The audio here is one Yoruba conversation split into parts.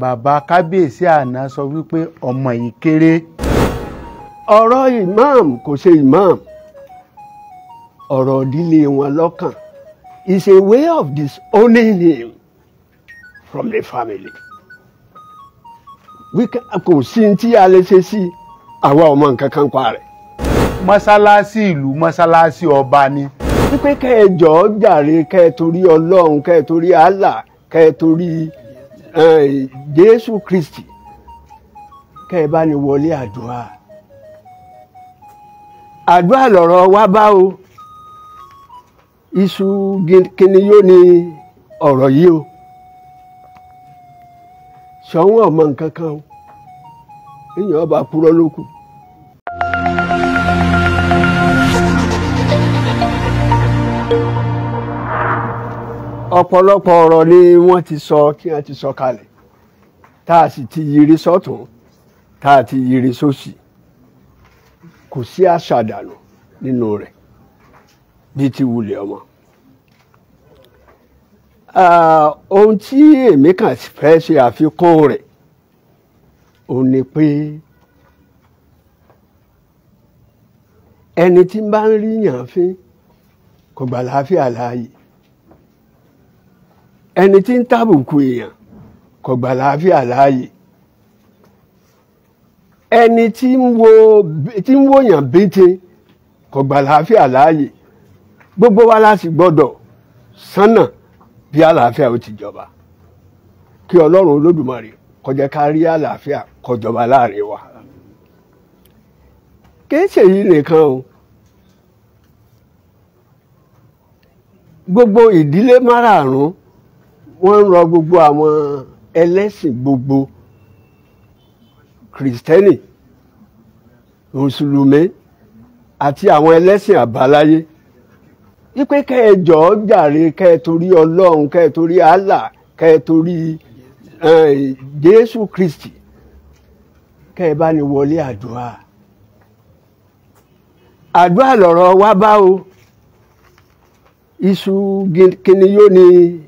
bàbá kábíyèsí àná sọ wípé ọmọ yìí kéré. ọ̀rọ̀ imam kò ṣe imam ọ̀rọ̀ ìdílé wọn lọ́kàn is a way of disowning him from the family. kò sí tí a lè ṣe sí àwa ọmọ nǹkan kan pa rẹ̀. mọ́sálásí ìlú mọ́sálásí ọba ni. wípé kẹ́ ẹ jọ̀ọ́ jàre kẹ́ ẹ torí ọlọ́run kẹ́ ẹ torí Allah kẹ́ ẹ torí jésù kristi kẹ́ ẹ bá ní wọlé àdúrà àdúrà lọ̀rọ̀ wá bá o iṣu kíni yóò ní ọ̀rọ̀ yìí o ṣọ̀wọ́n ọmọ nǹkan kan o èèyàn ọba kúrọ́ lókùn. ọ̀pọ̀lọpọ̀ ọ̀rọ̀ ni wọ́n ti sọ kí wọ́n ti sọ kalẹ̀ tá a sì ti yiri sọ́tún tá a ti yiri sósì kò sí àṣàdànù nínú rẹ̀ bíi ti wulẹ̀ ọmọ. ohun tí èmi kàn fẹ́ ṣe àfikún rẹ̀ òun ni pé ẹni tí ń bá ń rí yàn fín kò gbà láàfin àlàyé ẹni tí ń tàbùkù èèyàn kò gbà láàfíà láàyè ẹni tí ń wo tí ń wòyàn bíntín kò gbà láàfíà láàyè gbogbo wa la sì gbọ́dọ̀ sánà bí àlàáfíà ó ti jọba kí ọlọ́run olódùmarè kó ká rí àlàáfíà kó láàrin wa kì í ṣèyí nìkan o gbogbo ìdílé márààrún wọ́n ń rọ gbogbo àwọn ẹlẹ́sìn gbogbo kìrìsìtẹ́nì mùsùlùmí àti àwọn ẹlẹ́sìn àbáláyé wípé kẹ́ ẹ jọ̀ọ́ jàre kẹ́ ẹ torí ọlọ́run kẹ́ ẹ torí Allah kẹ́ ẹ torí Jésù Kristi kẹ́ ẹ bá ní wọlé àdúrà àdúrà lọ̀rọ̀ wá bá o iṣu kìnìún yóò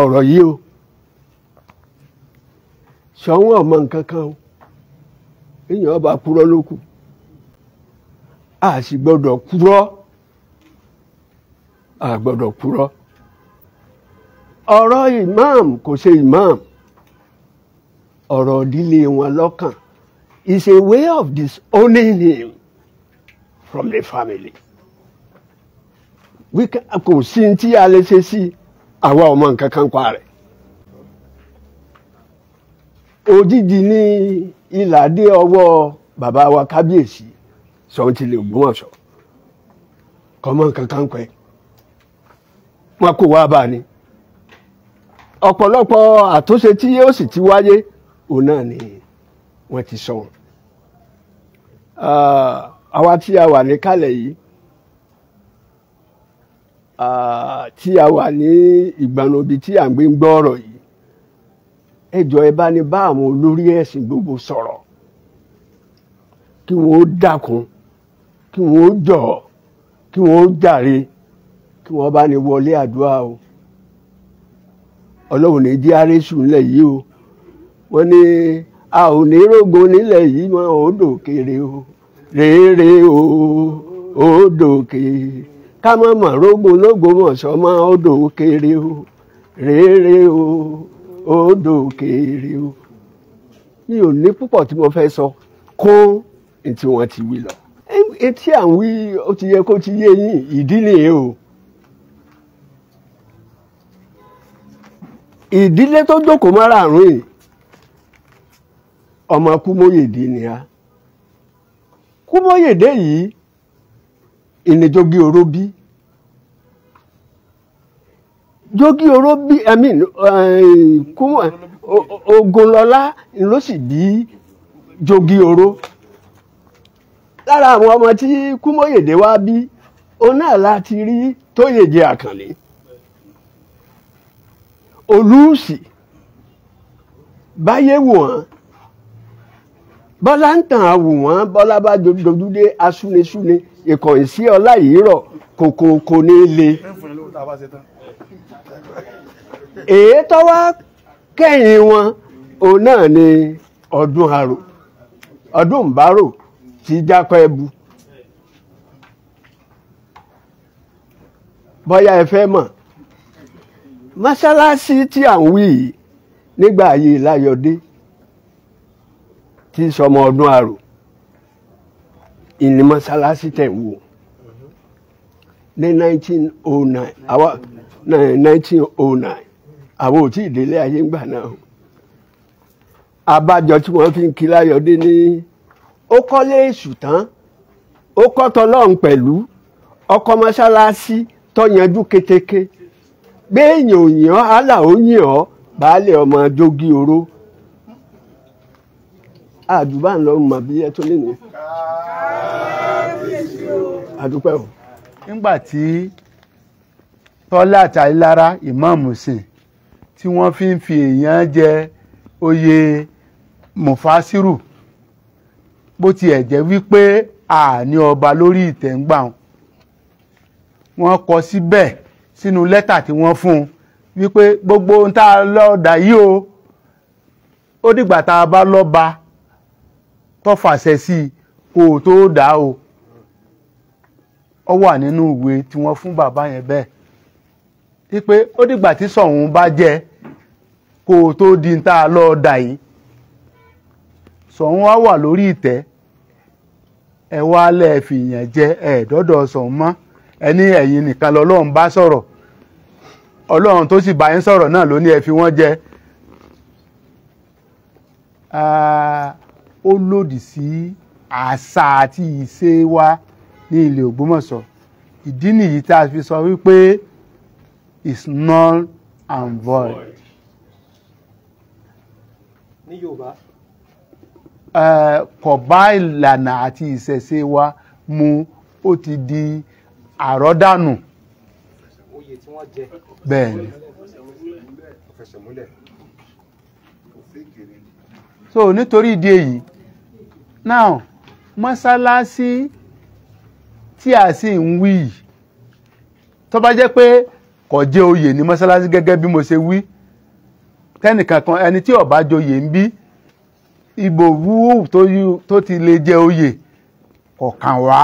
ọ̀rọ̀ yìí o ṣọ̀wọ́n ọmọ nǹkan kan o èèyàn ọba kúrọ́ ló kù a sì gbọ́dọ̀ kúrọ́ a gbọ́dọ̀ kúrọ́ ọ̀rọ̀ imam kò ṣe imam ọ̀rọ̀ ìdílé wọn lọ́kàn is a way of disowning him from the family kò sí ní tí a lè ṣe sí i àwa ọmọ nǹkan kan pa rẹ̀ òjijì ní ilà dé ọwọ́ bàbá wa kábíyèsí sọ̀hún ti lè Ògbómọ̀ṣọ́ kọ́mọ nǹkan kan pẹ́ wọn kò wá bá a ni ọ̀pọ̀lọpọ̀ àtúnṣe tí yóò sì ti wáyé òun náà ni wọ́n ti sọ àwa tí a wà níkàlẹ̀ yìí tí a wà ní ìgbanodi tí à ń gbé ń gbọ́ ọ̀rọ̀ yìí ẹ jọ̀ọ́ ẹ bá ní bá àwọn olórí ẹ̀sìn gbogbo sọ̀rọ̀ kí wọ́n ó dákun kí wọ́n ó jọ̀ kí wọ́n ó jàre kí wọ́n bá ní wọlé àdúrà o ọlọ́run ní jẹ́ àrẹ́sù ńlẹ̀ yìí o wọ́n ní a ò ní rògbòn nílẹ̀ yìí mọ́ odò kéré o rèé rèé o odò kéré ká mọ̀ mọ̀ rógbó lógbómọ̀ṣọ́ mọ́ odò kéré o rere o odò kéré o mi ò ní púpọ̀ tí mo fẹ́ sọ kún tí wọ́n ti wí lọ. etí à ń wí ó ti yẹ kó ti yé yín ìdí nìyí o. ìdílé tó jókòó márààrún yìí ọmọ kúmóyèdè ni a kúmóyèdè yìí ìníjógí oró bí jógí oró bí i mean eh, eh, ogunlọlá ló sì bí jógí oró lára àwọn ọmọ tí kúmóyèdè wá bí òun náà láti rí tóyèjì àkànlé olùsì báyé wò bọ́lá ń tàn àwò wọ́n bọ́lá bá dojúdé asúnesúne ìkọ̀yìn sí ọlá yìí rọ̀ kòkòkò ní ilé. èyí tó wá kẹ́yìn wọn òun náà ni ọdún àrò ọdún ìbárò ti jákọ́ ẹbu. bọ́yá ẹ fẹ́ mọ̀ mọ́sálásí tí à ń wí yìí nígbà ayé láyọ̀dé tí sọmọ ọdún àrò ìní mọ́sálásí tẹ̀ wò ní 1909 àwa 1909 eh, àwa ò tí ì délé ayé ńgbà náà abájọ tí wọ́n fi ń kí láyọ̀dé ní ó kọ́lé èṣù tán ó kọ́ tọlọ́run pẹ̀lú ọkọ̀ mọ́sálásí tó yanjú gbé èèyàn òyìn ọ́ àlà òyìn ọ́ baálé ọmọ jogi oró àdúbà ń lọ mọ̀ bí ẹ tó lè ní. àdúpẹ́ o. nígbà tí tọ́lá àtàlí lára ìmáàmù sìn tí wọ́n fi ń fi èèyàn jẹ oyè mufasiru bó tiẹ̀ jẹ́ wípé àní ọba lórí ìtẹ̀ ń kọ síbẹ̀ sínú lẹ́tà tí wọ́n fún un wípé gbogbo ohun tá a lọ́ọ̀dà yìí o ó dìgbà tá a bá lọ́ba tó fàṣẹ sí i tó dá o ọ wà nínú ìwé tí wọ́n fún bàbá yẹn bẹ́ẹ̀ wípé ó dìgbà tí Ṣọ̀ún bá jẹ kó tó di a dà yìí wá wà lórí ìtẹ́ ẹ wá lẹ́ jẹ ẹ̀ẹ́dọ́dọ̀ ẹni nìkan bá tó sì bá yín ó lòdì sí àṣà àti ìṣe wa ní ilẹ̀ Ògbómọ̀ṣọ́ ìdí nìyí tá a fi sọ wípé is null and void. ní Yorùbá. kò bá ìlànà àti ìṣẹ̀ṣe wa mu ó ti di àrọ́dànù. oyè tí wọ́n jẹ. bẹ́ẹ̀ so nítorí ìdí èyí now mọ́sálásí tí a sì ń wí yìí tó bá jẹ́ pé kò jẹ́ oyè ní mọ́sálásí gẹ́gẹ́ bí mo ṣe wí tẹ́nìkan kan ẹni tí ó bá joyè ń bí ìbò wúwú tó ti lè jẹ oyè kò kàn wá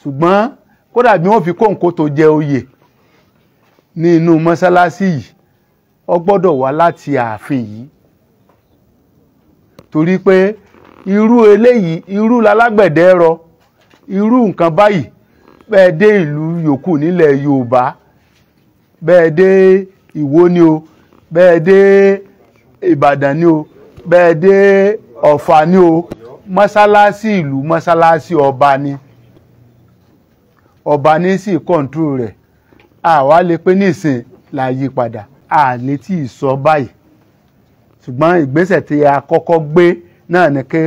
ṣùgbọ́n kódà bí wọ́n fi kóńkó tó jẹ oyè ní inú mọ́sálásí yìí ó gbọ́dọ̀ wá láti ààfin yìí torí pé irú eléyìí irú lalágbẹ̀dẹ rọ irú nǹkan báyìí bẹ́ẹ̀ dé ìlú yòókù nílẹ̀ Yorùbá bẹ́ẹ̀ dé Ìwó ni o bẹ́ẹ̀ dé Ìbàdàn ni o bẹ́ẹ̀ dé Ọ̀fà ni o mọ́sálásí ìlú mọ́sálásí ọba ni ọba ní sì kọ́ńtúrò rẹ̀ àwa lè pé nísìn la yí padà àní tí ì sọ báyìí ṣùgbọ́n ìgbésẹ̀ tí a kọ́kọ́ gbé náà ni pé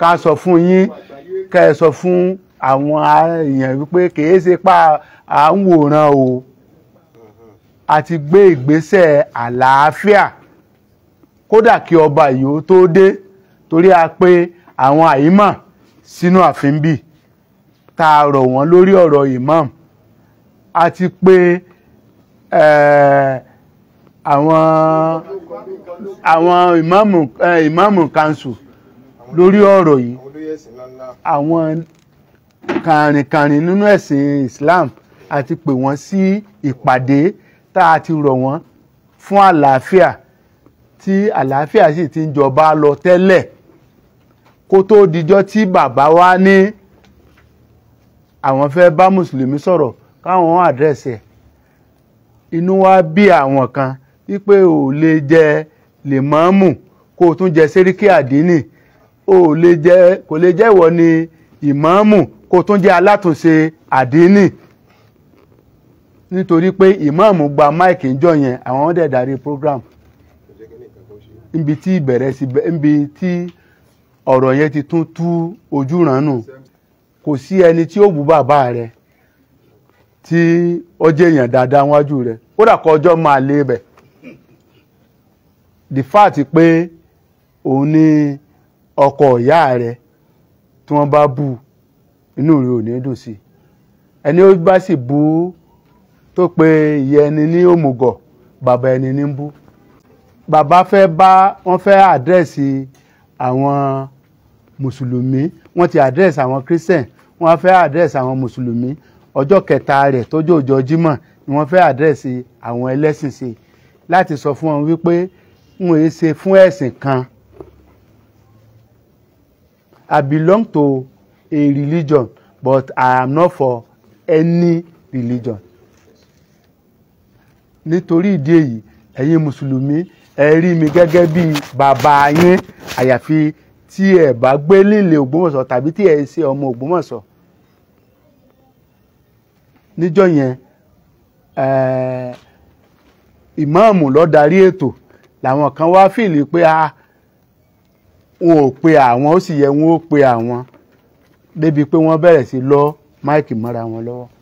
ká sọ fún yín ká ẹ sọ fún àwọn èèyàn wípé kìí ṣe pa à ń wòran o a ti gbé ìgbésẹ̀ àlàáfíà kódà kí ọba yìí tó dé torí a pé àwọn àyímọ̀ sínú àfin bíi tá a rọ̀ wọ́n lórí ọ̀rọ̀ imam a ti pé àwọn. Eh, àwọn ìmáàmù ìmáàmù kanṣu lórí ọ̀rọ̀ yìí àwọn kàrìnkàrìn nínú ẹ̀sìn Islam àti pè wọ́n sí ìpàdé tá a ti rọ̀ wọ́n fún àlàáfíà tí àlàáfíà sì ti ń jọba lọ tẹ́lẹ̀ kó tó dijọ́ tí bàbá wa ní àwọn fẹ́ bá mùsùlùmí sọ̀rọ̀ káwọn àdírẹ́sì ẹ̀ inú wa bí àwọn kan wípé ò lè jẹ́ lèmọ́ọ̀mù kó o tún jẹ sẹ́ríkì àdínì o lè jẹ kò lè jẹ́ ìwọ ni ìmọ̀ọ̀mù kó o tún jẹ alátúnṣe àdínì nítorí pé ìmọ̀ọ̀mù gba máìkì ń jọ yẹn àwọn ọ̀dẹ̀ darí program níbi tí ìbẹ̀rẹ̀ sí níbi tí ọ̀rọ̀ yẹn ti tún tú ojú rànú kò sí ẹni tí ó bú bàbá rẹ tí ó jẹ́ èèyàn dáadáa wájú rẹ, kódà kọjọ́ máa lé bẹ̀. the fact pé òun ní ọkọ ìyá rẹ tí wọ́n bá bú inú rẹ ò ní dùn sí ẹni ó bá sì bú tó pé ìyá ẹni ní òmùgọ̀ bàbá ẹni ní bú bàbá fẹ́ bá wọ́n fẹ́ àdírẹ́sì àwọn mùsùlùmí wọ́n ti àdírẹ́sì àwọn christian wọ́n fẹ́ àdírẹ́sì àwọn mùsùlùmí ọjọ́ kẹta rẹ̀ tọ́jú ọjọ́ jímọ̀ ni wọ́n fẹ́ àdírẹ́sì àwọn ẹlẹ́sìn sí láti sọ fún wọn wípé n ò ṣe fún ẹ̀sìn kan I belong to a religion but I am not for any religion nítorí ìdí èyí ẹ̀yin mùsùlùmí ẹ rí mi gẹ́gẹ́ bí bàbá yín àyàfi tí ẹ bá gbé nílé Ògbómọ̀ṣọ́ tàbí tí ẹ ṣe ọmọ Ògbómọ̀ṣọ́ níjọ́ yẹn ìmáàmù ló darí ètò làwọn kan wá fìlì pé a ah, wọn ò pe àwọn ó sì yẹ wọn ó pe àwọn débi pé wọ́n bẹ̀rẹ̀ sí lọ máìkì mọ́ra wọn lọ́wọ́.